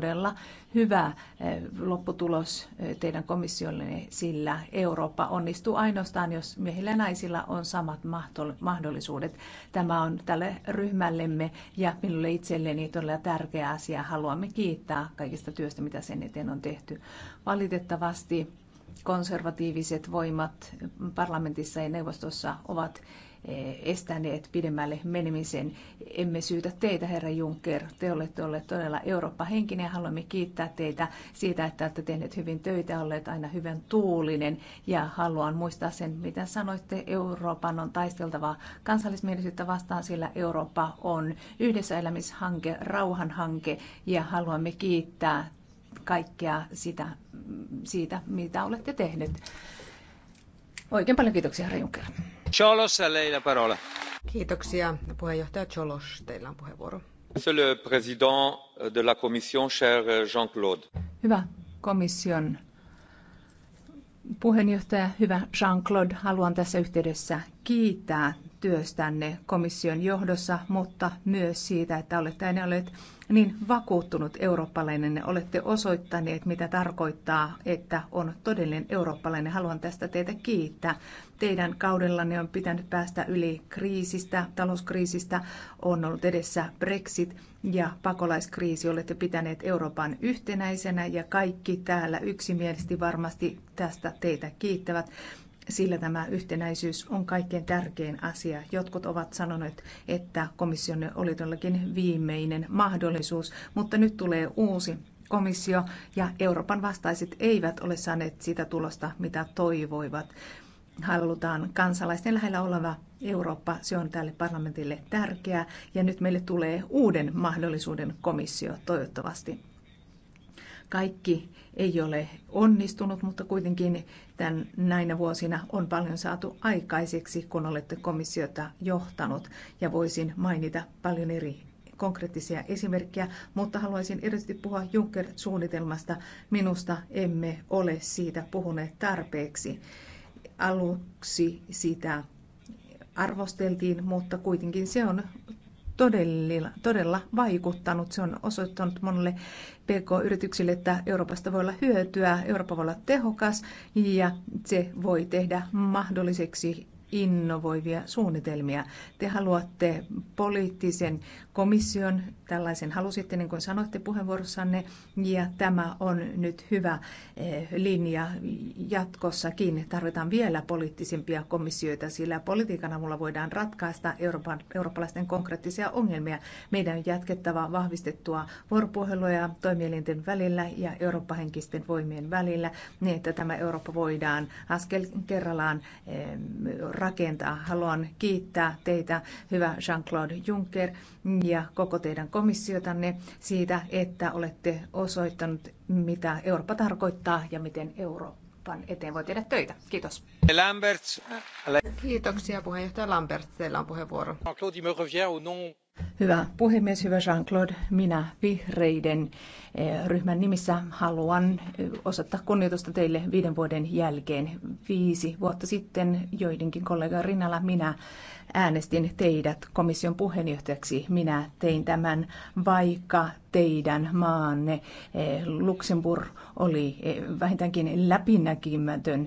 todella hyvä eh, lopputulos eh, teidän komissiollenne, sillä Eurooppa onnistuu ainoastaan, jos miehillä ja naisilla on samat mahdollisuudet. Tämä on tälle ryhmällemme ja minulle itselleni todella tärkeä asia. Haluamme kiittää kaikista työstä, mitä sen eteen on tehty. Valitettavasti konservatiiviset voimat parlamentissa ja neuvostossa ovat Eh, estäneet pidemmälle menemisen. Emme syytä teitä, herra Juncker. Te olette olleet todella Eurooppa-henkinen ja haluamme kiittää teitä siitä, että olette tehneet hyvin töitä, olleet aina hyvän tuulinen. Ja haluan muistaa sen, mitä sanoitte. Euroopan on taisteltava kansallismielisyyttä vastaan, sillä Eurooppa on yhdessä elämishanke, rauhanhanke ja haluamme kiittää kaikkea sitä, siitä, mitä olette tehneet. Oikein paljon kiitoksia, herra Juncker. Cholos, la parola. Kiitoksia. Puheenjohtaja Cholos, teillä on puheenvuoro. Monsieur le président de la commission, cher Jean-Claude. Hyvä komission puheenjohtaja, hyvä Jean-Claude, haluan tässä yhteydessä kiittää työstänne komission johdossa, mutta myös siitä, että olette aina olleet niin vakuuttunut eurooppalainen. Olette osoittaneet, mitä tarkoittaa, että on todellinen eurooppalainen. Haluan tästä teitä kiittää. Teidän kaudellanne on pitänyt päästä yli kriisistä, talouskriisistä. On ollut edessä Brexit ja pakolaiskriisi. Olette pitäneet Euroopan yhtenäisenä ja kaikki täällä yksimielisesti varmasti tästä teitä kiittävät sillä tämä yhtenäisyys on kaikkein tärkein asia. Jotkut ovat sanoneet, että komission oli todellakin viimeinen mahdollisuus, mutta nyt tulee uusi komissio ja Euroopan vastaiset eivät ole saaneet sitä tulosta, mitä toivoivat. Halutaan kansalaisten lähellä oleva Eurooppa, se on tälle parlamentille tärkeää ja nyt meille tulee uuden mahdollisuuden komissio toivottavasti. Kaikki ei ole onnistunut, mutta kuitenkin tämän, näinä vuosina on paljon saatu aikaiseksi, kun olette komissiota johtanut. Ja voisin mainita paljon eri konkreettisia esimerkkejä, mutta haluaisin erityisesti puhua Juncker-suunnitelmasta. Minusta emme ole siitä puhuneet tarpeeksi. Aluksi sitä arvosteltiin, mutta kuitenkin se on todella, todella vaikuttanut. Se on osoittanut monelle PK-yrityksille, että Euroopasta voi olla hyötyä, Eurooppa voi olla tehokas ja se voi tehdä mahdolliseksi innovoivia suunnitelmia. Te haluatte poliittisen komission, tällaisen halusitte, niin kuin sanoitte puheenvuorossanne, ja tämä on nyt hyvä eh, linja jatkossakin. Tarvitaan vielä poliittisimpia komissioita, sillä politiikan avulla voidaan ratkaista Euroopan, eurooppalaisten konkreettisia ongelmia. Meidän on jatkettava vahvistettua vuoropuheluja toimielinten välillä ja eurooppahenkisten voimien välillä, niin että tämä Eurooppa voidaan askel kerrallaan eh, rakentaa. Haluan kiittää teitä, hyvä Jean-Claude Juncker, ja koko teidän komissiotanne siitä, että olette osoittanut, mitä Eurooppa tarkoittaa ja miten Euroopan eteen voi tehdä töitä. Kiitos. Kiitoksia Hyvä puhemies, hyvä Jean-Claude. Minä vihreiden eh, ryhmän nimissä haluan eh, osoittaa kunnioitusta teille viiden vuoden jälkeen. Viisi vuotta sitten joidenkin kollegan rinnalla minä äänestin teidät komission puheenjohtajaksi. Minä tein tämän, vaikka teidän maanne eh, Luxemburg oli vähintäänkin läpinäkymätön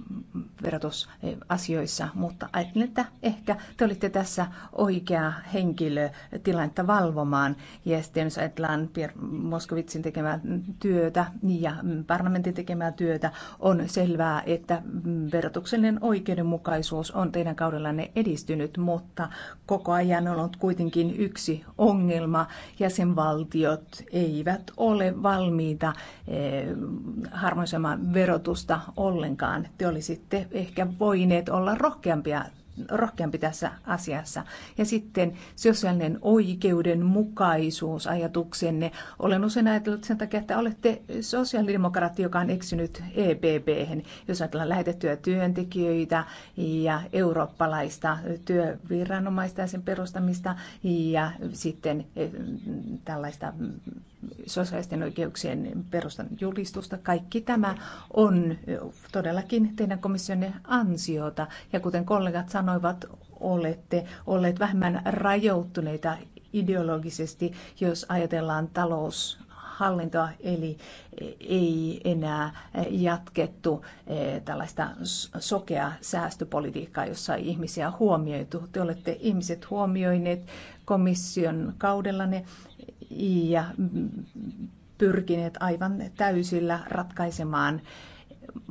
verotusasioissa, mutta ajattelin, että ehkä te olitte tässä oikea henkilö tilannetta valvomaan. Ja sitten jos ajatellaan Pierre Moskovitsin tekemää työtä ja parlamentin tekemää työtä, on selvää, että verotuksellinen oikeudenmukaisuus on teidän kaudellanne edistynyt, mutta koko ajan on ollut kuitenkin yksi ongelma. Jäsenvaltiot eivät ole valmiita eh, harmonisoimaan verotusta ollenkaan. Te olisitte ehkä voineet olla rohkeampia rohkeampi tässä asiassa. Ja sitten sosiaalinen oikeudenmukaisuus ajatuksenne. Olen usein ajatellut sen takia, että olette sosiaalidemokraatti, joka on eksynyt epp Jos ajatellaan lähetettyä työntekijöitä ja eurooppalaista työviranomaista ja sen perustamista ja sitten eh, tällaista sosiaalisten oikeuksien perustan julistusta. Kaikki tämä on todellakin teidän komissionne ansiota. Ja kuten kollegat sanoivat, olette olleet vähemmän rajoittuneita ideologisesti, jos ajatellaan talous hallintoa, eli ei enää jatkettu eh, tällaista sokea säästöpolitiikkaa, jossa ei ihmisiä huomioitu. Te olette ihmiset huomioineet komission kaudellanne ja pyrkineet aivan täysillä ratkaisemaan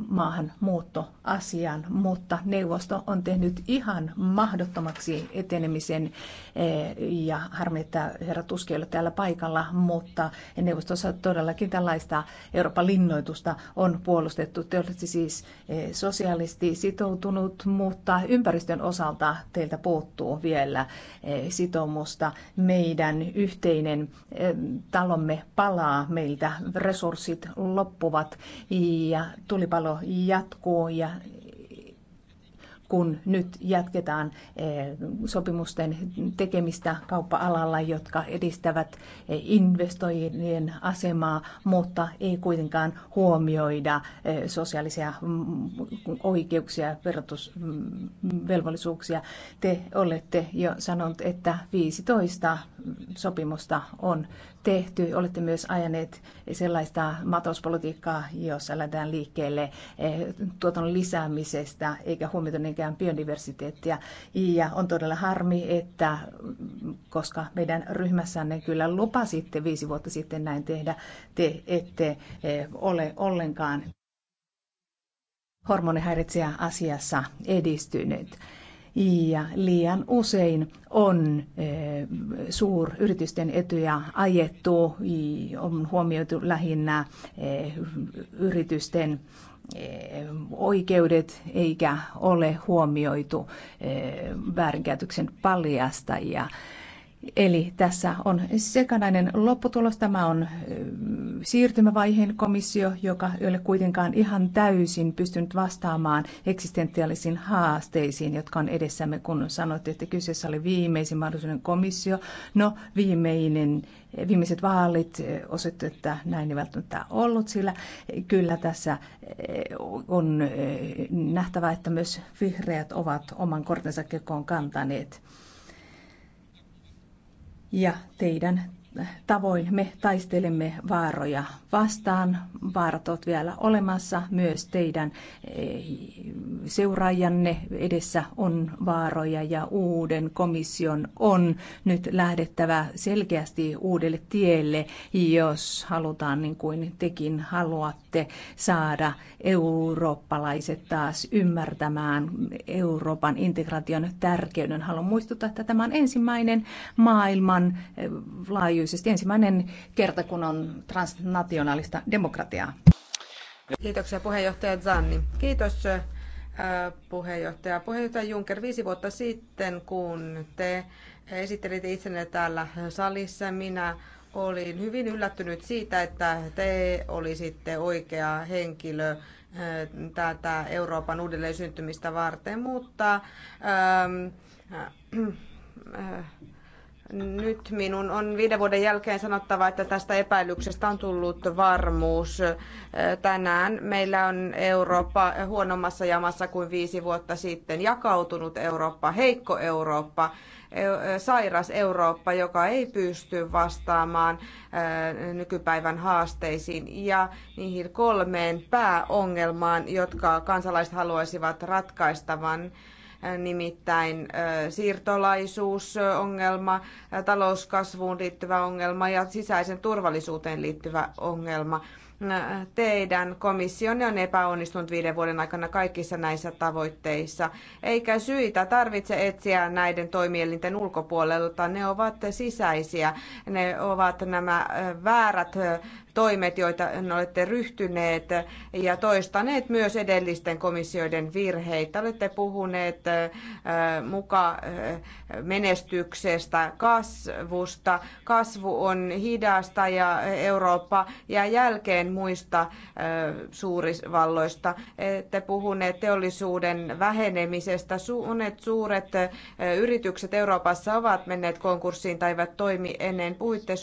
maahanmuuttoasian, mutta neuvosto on tehnyt ihan mahdottomaksi etenemisen Eh, ja harmi, että herra Tuski ei täällä paikalla, mutta neuvostossa todellakin tällaista Euroopan linnoitusta on puolustettu. Te olette siis eh, sosiaalisti sitoutunut, mutta ympäristön osalta teiltä puuttuu vielä eh, sitoumusta. Meidän yhteinen talomme palaa meiltä, resurssit loppuvat ja tulipalo jatkuu ja kun nyt jatketaan eh, sopimusten tekemistä kauppa-alalla, jotka edistävät eh, investoijien asemaa, mutta ei kuitenkaan huomioida eh, sosiaalisia mm, oikeuksia, verotusvelvollisuuksia. Mm, Te olette jo sanonut, että 15 sopimusta on tehty. Olette myös ajaneet sellaista matouspolitiikkaa, jossa lähdetään liikkeelle tuotannon lisäämisestä eikä huomioida tärkeään biodiversiteettiä. Ja on todella harmi, että koska meidän ryhmässänne kyllä lupasitte viisi vuotta sitten näin tehdä, te ette eh, ole ollenkaan hormonihäiritsejä asiassa edistynyt. Ja liian usein on eh, suuryritysten etuja ajettu, on huomioitu lähinnä eh, yritysten oikeudet eikä ole huomioitu eh, väärinkäytöksen paljastajia. Eli tässä on sekanainen lopputulos. Tämä on siirtymävaiheen komissio, joka ei ole kuitenkaan ihan täysin pystynyt vastaamaan eksistentiaalisiin haasteisiin, jotka on edessämme, kun sanoitte, että kyseessä oli viimeisin mahdollisuuden komissio. No, viimeinen, viimeiset vaalit osoittivat, että näin ei välttämättä ollut, sillä kyllä tässä on nähtävä, että myös vihreät ovat oman kortensa kekoon kantaneet ja teidän tavoin me taistelemme vaaroja vastaan. Vaarat ovat vielä olemassa myös teidän eh, seuraajanne edessä on vaaroja ja uuden komission on nyt lähdettävä selkeästi uudelle tielle, jos halutaan niin kuin tekin haluatte saada eurooppalaiset taas ymmärtämään Euroopan integraation tärkeyden. Haluan muistuttaa, että tämä on ensimmäinen maailman eh, laajuisesti ensimmäinen kerta, kun on transnationaalista demokratiaa. Kiitoksia puheenjohtaja Zanni. Kiitos eh, Äh, puheenjohtaja. Puheenjohtaja Juncker, viisi vuotta sitten, kun te esittelitte itsenne täällä salissa, minä olin hyvin yllättynyt siitä, että te olisitte oikea henkilö äh, tätä Euroopan uudelleen syntymistä varten, mutta ähm, äh, äh, nyt minun on viiden vuoden jälkeen sanottava, että tästä epäilyksestä on tullut varmuus. Tänään meillä on Eurooppa huonommassa jamassa kuin viisi vuotta sitten. Jakautunut Eurooppa, heikko Eurooppa, e, sairas Eurooppa, joka ei pysty vastaamaan nykypäivän haasteisiin ja niihin kolmeen pääongelmaan, jotka kansalaiset haluaisivat ratkaistavan nimittäin siirtolaisuusongelma, talouskasvuun liittyvä ongelma ja sisäisen turvallisuuteen liittyvä ongelma. Teidän komissionne on epäonnistunut viiden vuoden aikana kaikissa näissä tavoitteissa, eikä syitä tarvitse etsiä näiden toimielinten ulkopuolelta. Ne ovat sisäisiä, ne ovat nämä väärät toimet, joita olette ryhtyneet ja toistaneet myös edellisten komissioiden virheitä. Olette puhuneet äh, muka äh, menestyksestä, kasvusta. Kasvu on hidasta ja Eurooppa ja jälkeen muista äh, suurisvalloista. Olette puhuneet teollisuuden vähenemisestä. Suunet suuret yritykset Euroopassa ovat menneet konkurssiin tai eivät toimi ennen. Puhuitte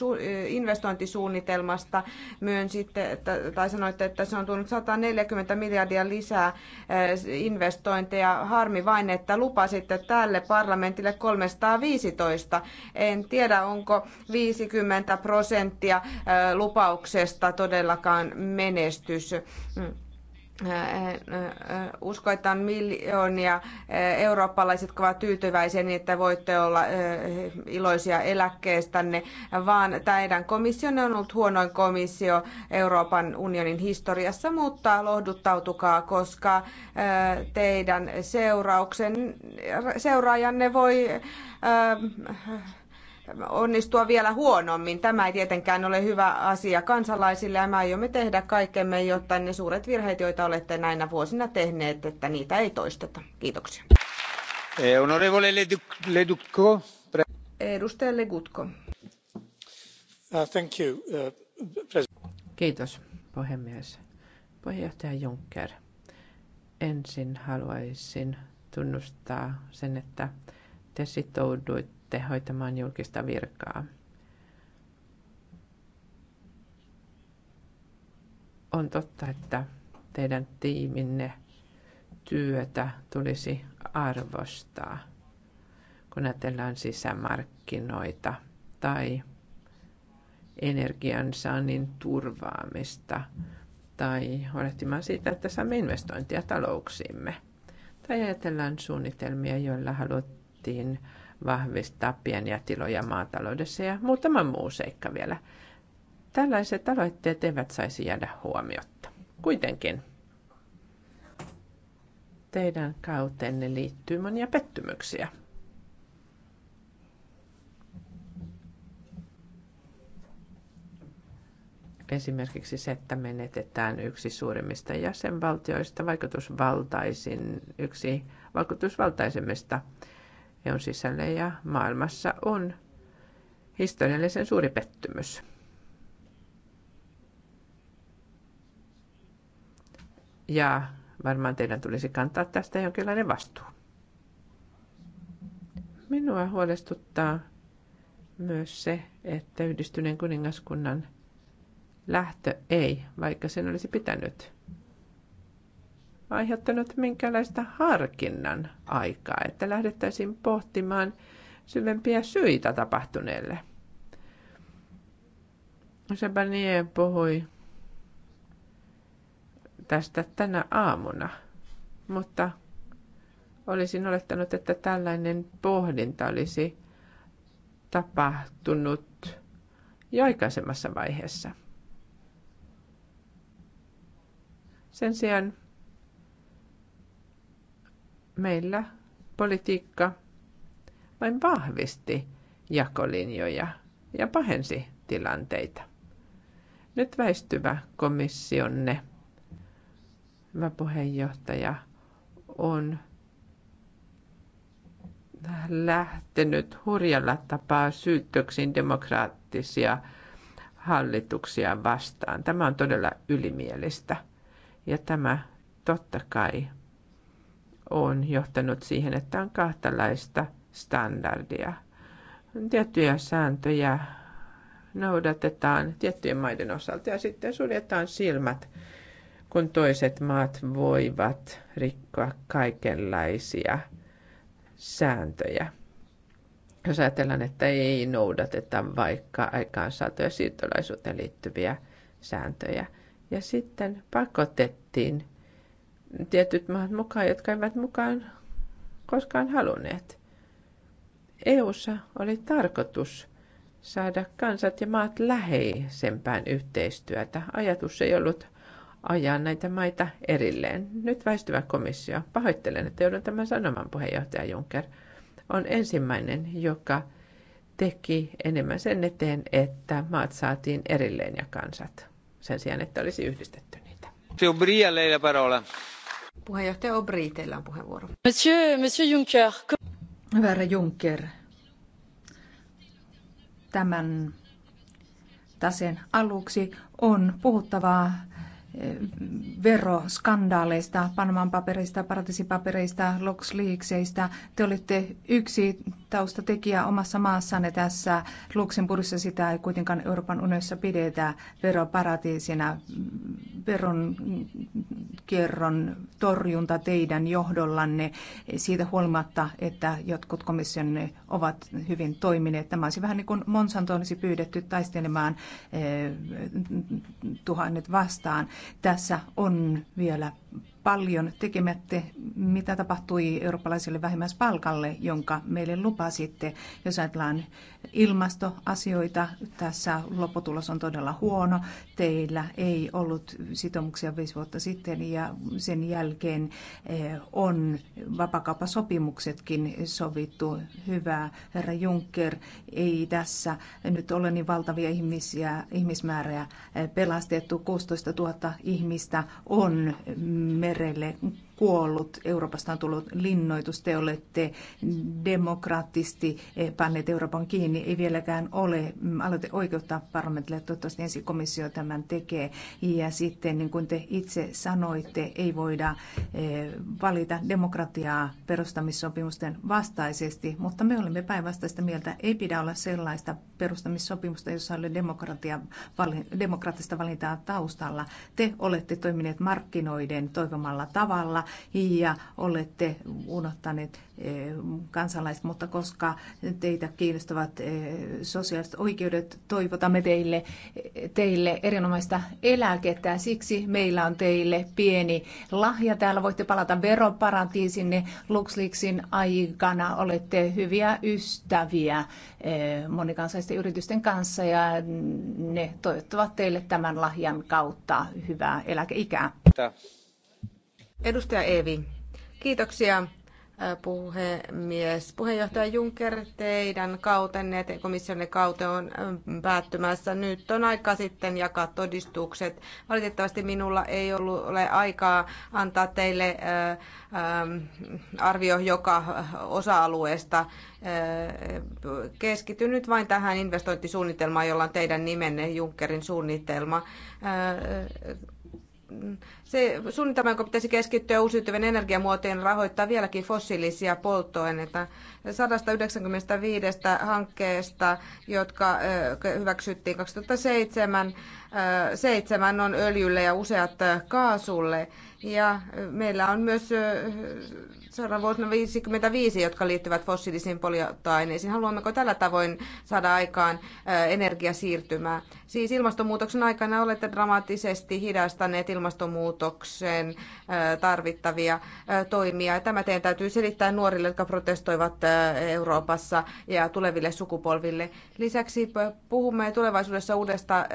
investointisuunnitelmasta myönsitte, että, tai sanoitte, että se on tullut 140 miljardia lisää eh, investointeja. Harmi vain, että lupasitte tälle parlamentille 315. En tiedä, onko 50 prosenttia eh, lupauksesta todellakaan menestys. Mm usko, että on miljoonia eurooppalaiset, jotka ovat tyytyväisiä niin, että voitte olla iloisia eläkkeestänne, vaan teidän Komissio on ollut huonoin komissio Euroopan unionin historiassa, mutta lohduttautukaa, koska teidän seurauksen, seuraajanne voi onnistua vielä huonommin. Tämä ei tietenkään ole hyvä asia kansalaisille ja me aiomme tehdä kaikkemme, jotta ne suuret virheet, joita olette näinä vuosina tehneet, että niitä ei toisteta. Kiitoksia. Eh, onorevole Ledukko. Edustaja Legutko. Uh, thank you, uh, Kiitos, puhemies. Puheenjohtaja Juncker, ensin haluaisin tunnustaa sen, että te sitouduitte sitten hoitamaan julkista virkaa. On totta, että teidän tiiminne työtä tulisi arvostaa, kun ajatellaan sisämarkkinoita tai energiansaannin turvaamista tai huolehtimaan siitä, että saamme investointia talouksiimme. Tai ajatellaan suunnitelmia, joilla haluttiin vahvistaa pieniä tiloja maataloudessa ja muutama muu seikka vielä. Tällaiset aloitteet eivät saisi jäädä huomiotta. Kuitenkin teidän kauteenne liittyy monia pettymyksiä. esimerkiksi se, että menetetään yksi suurimmista jäsenvaltioista, vaikutusvaltaisin, yksi vaikutusvaltaisimmista EUn sisällä ja maailmassa on historiallisen suuri pettymys. Ja varmaan teidän tulisi kantaa tästä jonkinlainen vastuu. Minua huolestuttaa myös se, että yhdistyneen kuningaskunnan lähtö ei, vaikka sen olisi pitänyt aiheuttanut minkälaista harkinnan aikaa, että lähdettäisiin pohtimaan syvempiä syitä tapahtuneelle. Sebanie puhui tästä tänä aamuna, mutta olisin olettanut, että tällainen pohdinta olisi tapahtunut jo aikaisemmassa vaiheessa. Sen sijaan meillä politiikka vain vahvisti jakolinjoja ja pahensi tilanteita. Nyt väistyvä komissionne, hyvä puheenjohtaja, on lähtenyt hurjalla tapaa syyttöksiin demokraattisia hallituksia vastaan. Tämä on todella ylimielistä ja tämä totta kai on johtanut siihen, että on kahtalaista standardia. Tiettyjä sääntöjä noudatetaan tiettyjen maiden osalta ja sitten suljetaan silmät, kun toiset maat voivat rikkoa kaikenlaisia sääntöjä. Jos ajatellaan, että ei noudateta vaikka aikaansaatoja siirtolaisuuteen liittyviä sääntöjä. Ja sitten pakotettiin tietyt maat mukaan, jotka eivät mukaan koskaan halunneet. EUssa oli tarkoitus saada kansat ja maat läheisempään yhteistyötä. Ajatus ei ollut ajaa näitä maita erilleen. Nyt väistyvä komissio, pahoittelen, että joudun tämän sanoman puheenjohtaja Juncker, on ensimmäinen, joka teki enemmän sen eteen, että maat saatiin erilleen ja kansat sen sijaan, että olisi yhdistetty niitä. Fiubria, parola. Puheenjohtaja Obri, teillä on puheenvuoro. Monsieur, monsieur Juncker. Hyvä herra Juncker, tämän taseen aluksi on puhuttavaa veroskandaaleista, Panaman paperista, paratisipapereista, LuxLeaksista. Te olitte yksi taustatekijä omassa maassanne tässä. Luxemburgissa sitä ei kuitenkaan Euroopan unionissa pidetä veroparatiisina. Veron kierron torjunta teidän johdollanne siitä huolimatta, että jotkut komission ovat hyvin toimineet. Tämä olisi vähän niin kuin Monsanto olisi pyydetty taistelemaan eh, tuhannet vastaan. Tässä on vielä paljon tekemättä, mitä tapahtui eurooppalaiselle vähimmäispalkalle, jonka meille lupasitte. Jos ajatellaan ilmastoasioita. Tässä lopputulos on todella huono. Teillä ei ollut sitoumuksia viisi vuotta sitten ja sen jälkeen eh, on vapakaupasopimuksetkin sovittu. Hyvä herra Juncker, ei tässä nyt ole niin valtavia ihmisiä, ihmismääriä eh, pelastettu. 16 000 ihmistä on merelle kuollut. Euroopasta on tullut linnoitus. Te olette demokraattisesti eh, panneet Euroopan kiinni. Ei vieläkään ole mm, aloite oikeutta parlamentille. Toivottavasti ensin komissio tämän tekee. Ja sitten, niin kuin te itse sanoitte, ei voida eh, valita demokratiaa perustamissopimusten vastaisesti, mutta me olemme päinvastaista mieltä. Ei pidä olla sellaista perustamissopimusta, jossa oli demokratia, demokraattista valintaa taustalla. Te olette toimineet markkinoiden toivomalla tavalla ja olette unohtaneet eh, kansalaiset, mutta koska teitä kiinnostavat eh, sosiaaliset oikeudet, toivotamme teille, eh, teille erinomaista eläkettä. Ja siksi meillä on teille pieni lahja. Täällä voitte palata veroparatiisinne LuxLeaksin aikana. Olette hyviä ystäviä monikansaisten yritysten kanssa ja ne toivottavat teille tämän lahjan kautta hyvää eläkeikää. Edustaja Evi, kiitoksia puhemies. Puheenjohtaja Juncker, teidän kautenne, te komissionne kaute on päättymässä. Nyt on aika sitten jakaa todistukset. Valitettavasti minulla ei ollut ole aikaa antaa teille arvio joka osa-alueesta. Keskityn nyt vain tähän investointisuunnitelmaan, jolla on teidän nimenne Junckerin suunnitelma se suunnitelma, joka pitäisi keskittyä uusiutuvien energiamuotojen rahoittaa vieläkin fossiilisia polttoaineita. 195 hankkeesta, jotka hyväksyttiin 2007, seitsemän on öljylle ja useat kaasulle. Ja meillä on myös vuosina 55, jotka liittyvät fossiilisiin polioaineisiin. Haluammeko tällä tavoin saada aikaan energiasiirtymää? Siis ilmastonmuutoksen aikana olette dramaattisesti hidastaneet ilmastonmuutoksen tarvittavia toimia. Tämä teidän täytyy selittää nuorille, jotka protestoivat Euroopassa ja tuleville sukupolville. Lisäksi puhumme tulevaisuudessa uudesta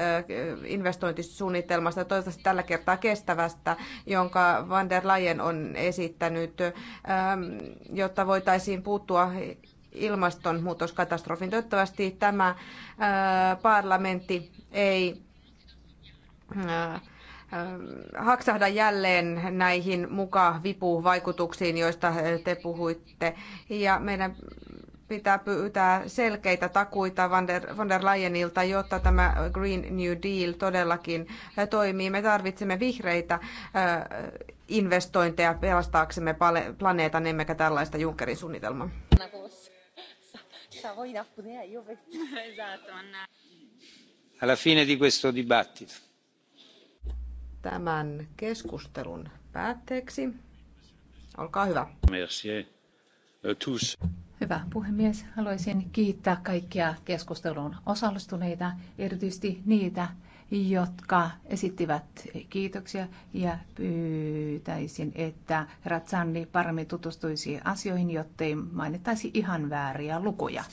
investointisuunnitelmasta, toivottavasti tällä kertaa kestävästä, jonka van der Leyen on esittänyt Ähm, jotta voitaisiin puuttua ilmastonmuutoskatastrofin. Toivottavasti tämä äh, parlamentti ei äh, äh, haksahda jälleen näihin muka vipuvaikutuksiin, joista te puhuitte. Ja meidän pitää pyytää selkeitä takuita von der, von der Leyenilta, jotta tämä Green New Deal todellakin toimii. Me tarvitsemme vihreitä investointeja pelastaaksemme planeetan, emmekä tällaista Junckerin suunnitelmaa. Alla fine di questo dibattito. Tämän keskustelun päätteeksi. Olkaa hyvä. Merci. Euh, tous. Hyvä puhemies. Haluaisin kiittää kaikkia keskusteluun osallistuneita, erityisesti niitä, jotka esittivät kiitoksia ja pyytäisin, että Ratsanni paremmin tutustuisi asioihin, jottei mainittaisi ihan vääriä lukuja.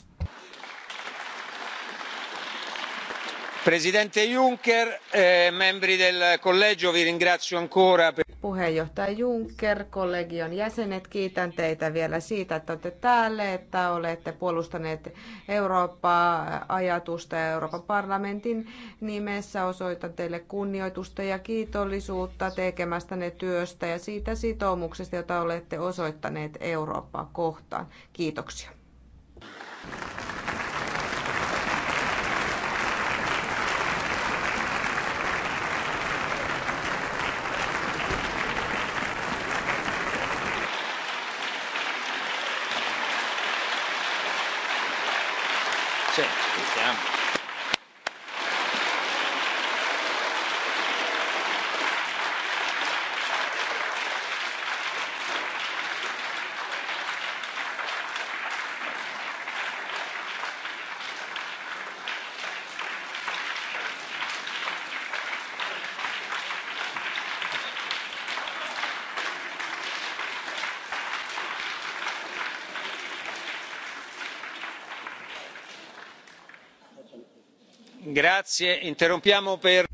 presidente juncker eh, membri del collegio vi ringrazio ancora. puheenjohtaja juncker kollegion jäsenet kiitän teitä vielä siitä että olette täällä että olette puolustaneet eurooppaa ajatusta ja euroopan parlamentin nimessä osoitan teille kunnioitusta ja kiitollisuutta tekemästänne työstä ja siitä sitoumuksesta jota olette osoittaneet eurooppaa kohtaan. kiitoksia.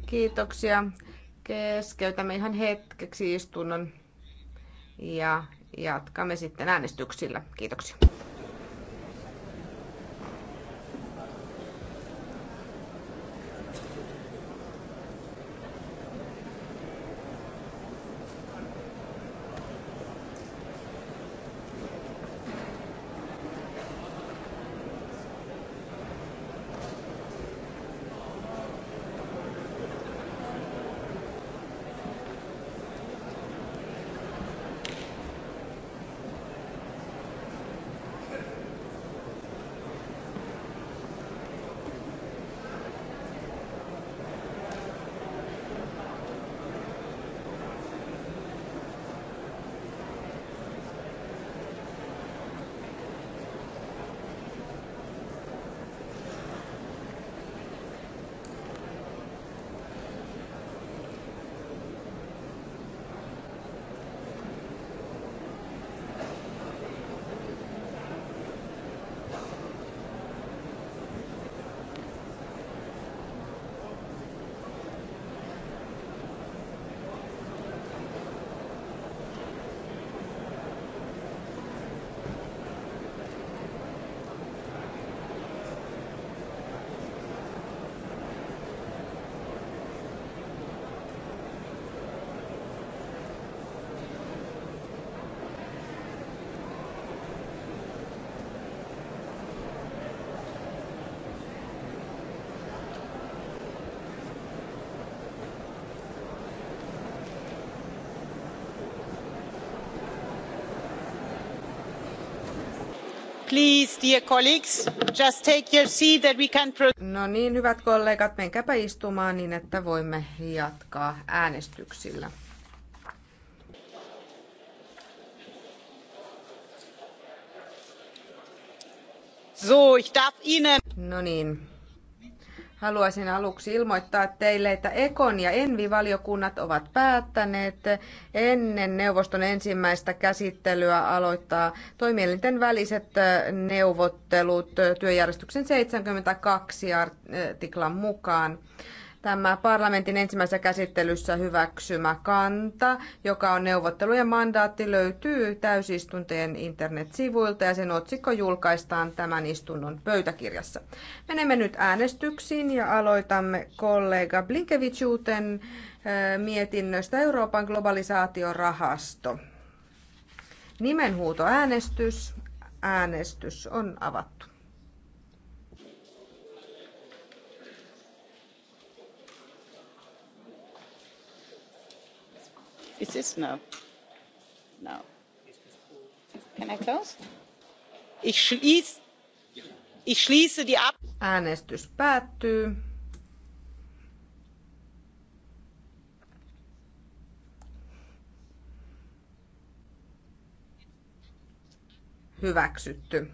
Kiitoksia. Keskeytämme ihan hetkeksi istunnon ja jatkamme sitten äänestyksillä. Kiitoksia. No niin, hyvät kollegat, menkääpä istumaan niin, että voimme jatkaa äänestyksillä. So, ich darf Ihnen... No niin, Haluaisin aluksi ilmoittaa teille, että Ekon ja Envi-valiokunnat ovat päättäneet ennen neuvoston ensimmäistä käsittelyä aloittaa toimielinten väliset neuvottelut työjärjestyksen 72 artiklan mukaan tämä parlamentin ensimmäisessä käsittelyssä hyväksymä kanta, joka on neuvottelujen mandaatti, löytyy täysistuntojen internetsivuilta ja sen otsikko julkaistaan tämän istunnon pöytäkirjassa. Menemme nyt äänestyksiin ja aloitamme kollega Blinkevichuten eh, mietinnöstä Euroopan globalisaatiorahasto. äänestys Äänestys on avattu. is this no? no. Can I close? Ich schließe, ich schließe die Ab Äänestys päättyy. Hyväksytty.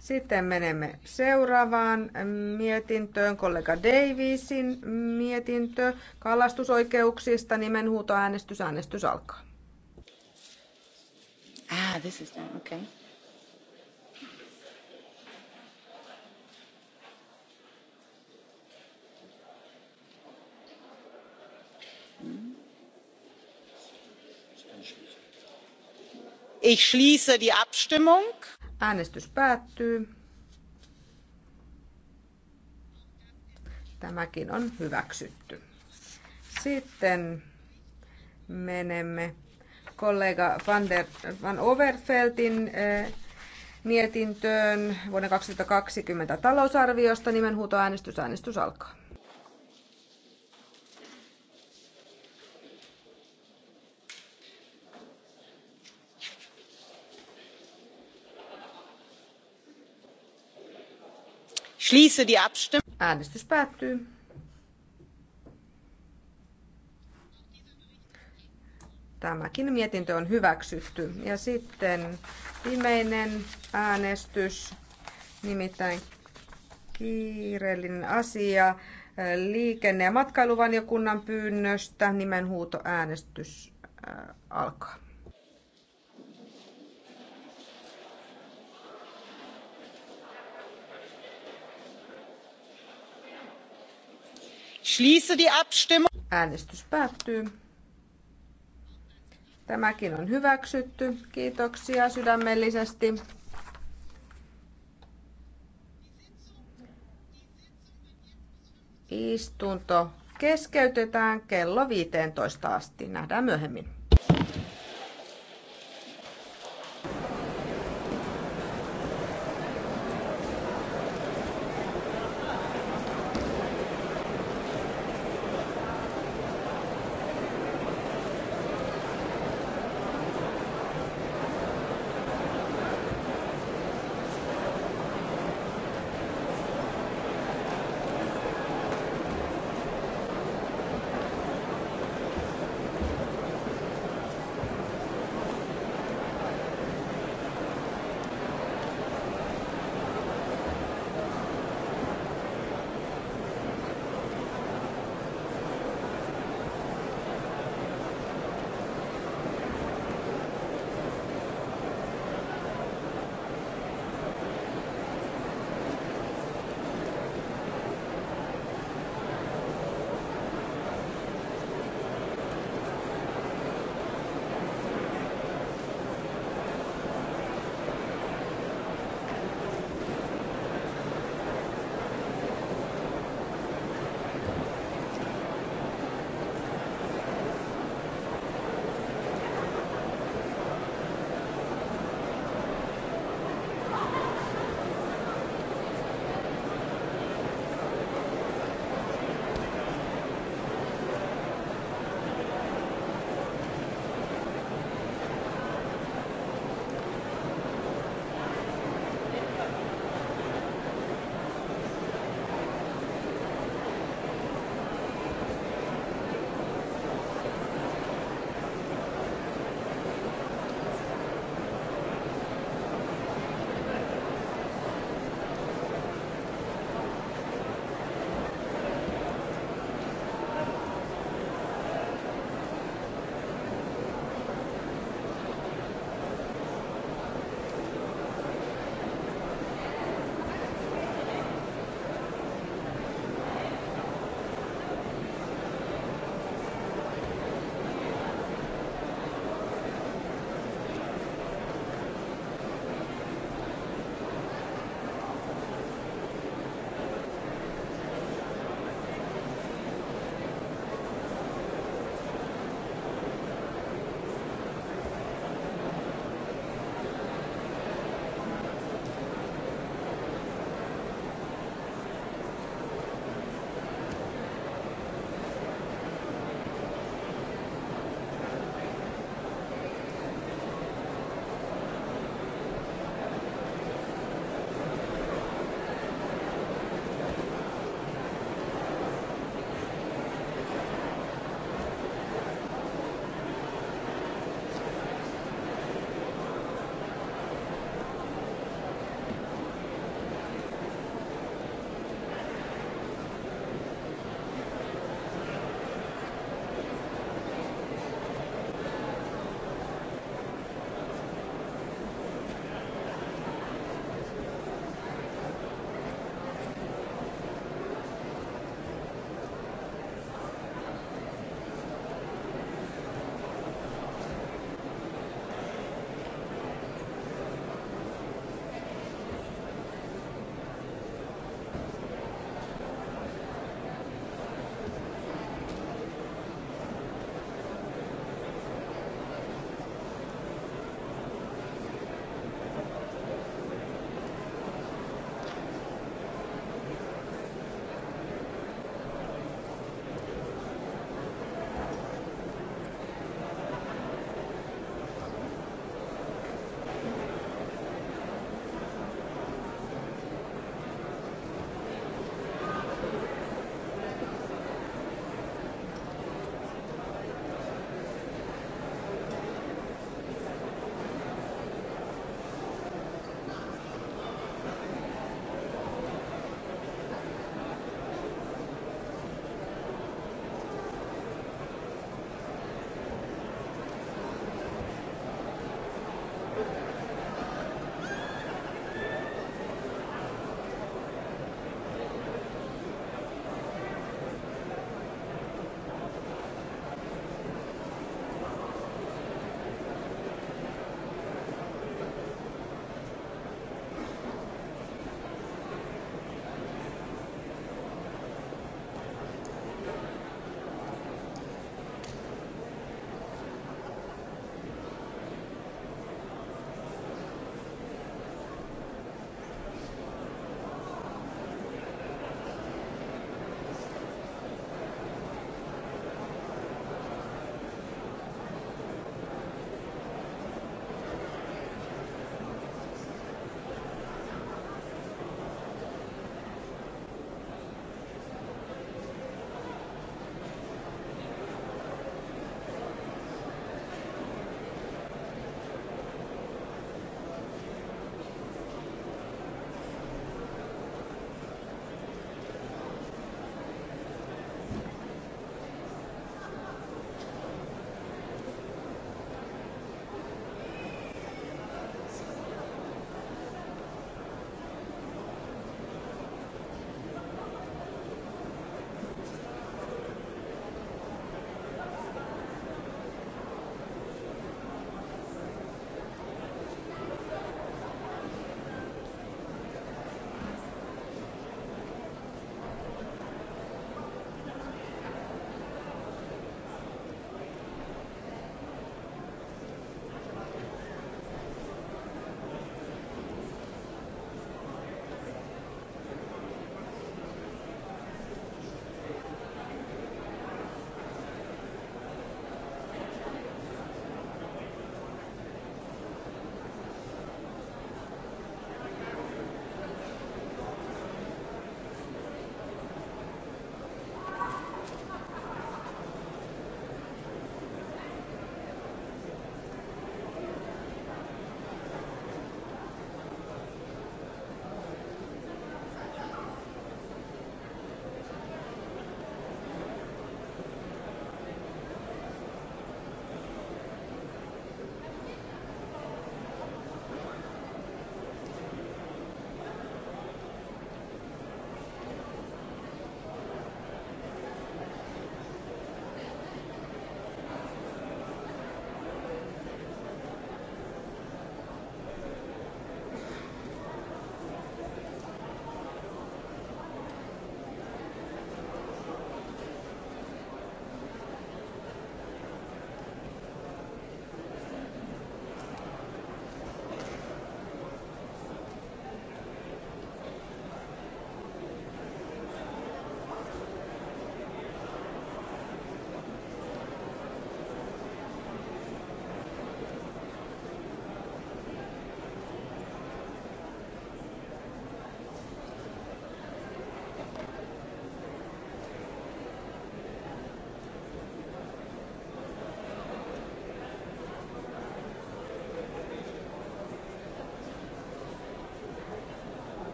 Sitten menemme seuraavaan mietintöön. Kollega Daviesin mietintö kalastusoikeuksista. Nimenhuutoäänestys. Äänestys alkaa. Ah, this is done. Okay. Ich schließe die Abstimmung. Äänestys päättyy. Tämäkin on hyväksytty. Sitten menemme kollega Van, der, Van Overfeltin eh, mietintöön vuoden 2020 talousarviosta. Nimenhuutoäänestys. Äänestys alkaa. Schließe die Abstimmung. Äänestys päättyy. Tämäkin mietintö on hyväksytty. Ja sitten viimeinen äänestys, nimittäin kiireellinen asia liikenne- ja matkailuvaliokunnan pyynnöstä. Nimenhuutoäänestys äh, alkaa. Schließe die Abstimmung. Äänestys päättyy. Tämäkin on hyväksytty. Kiitoksia sydämellisesti. Istunto keskeytetään kello 15 asti. Nähdään myöhemmin.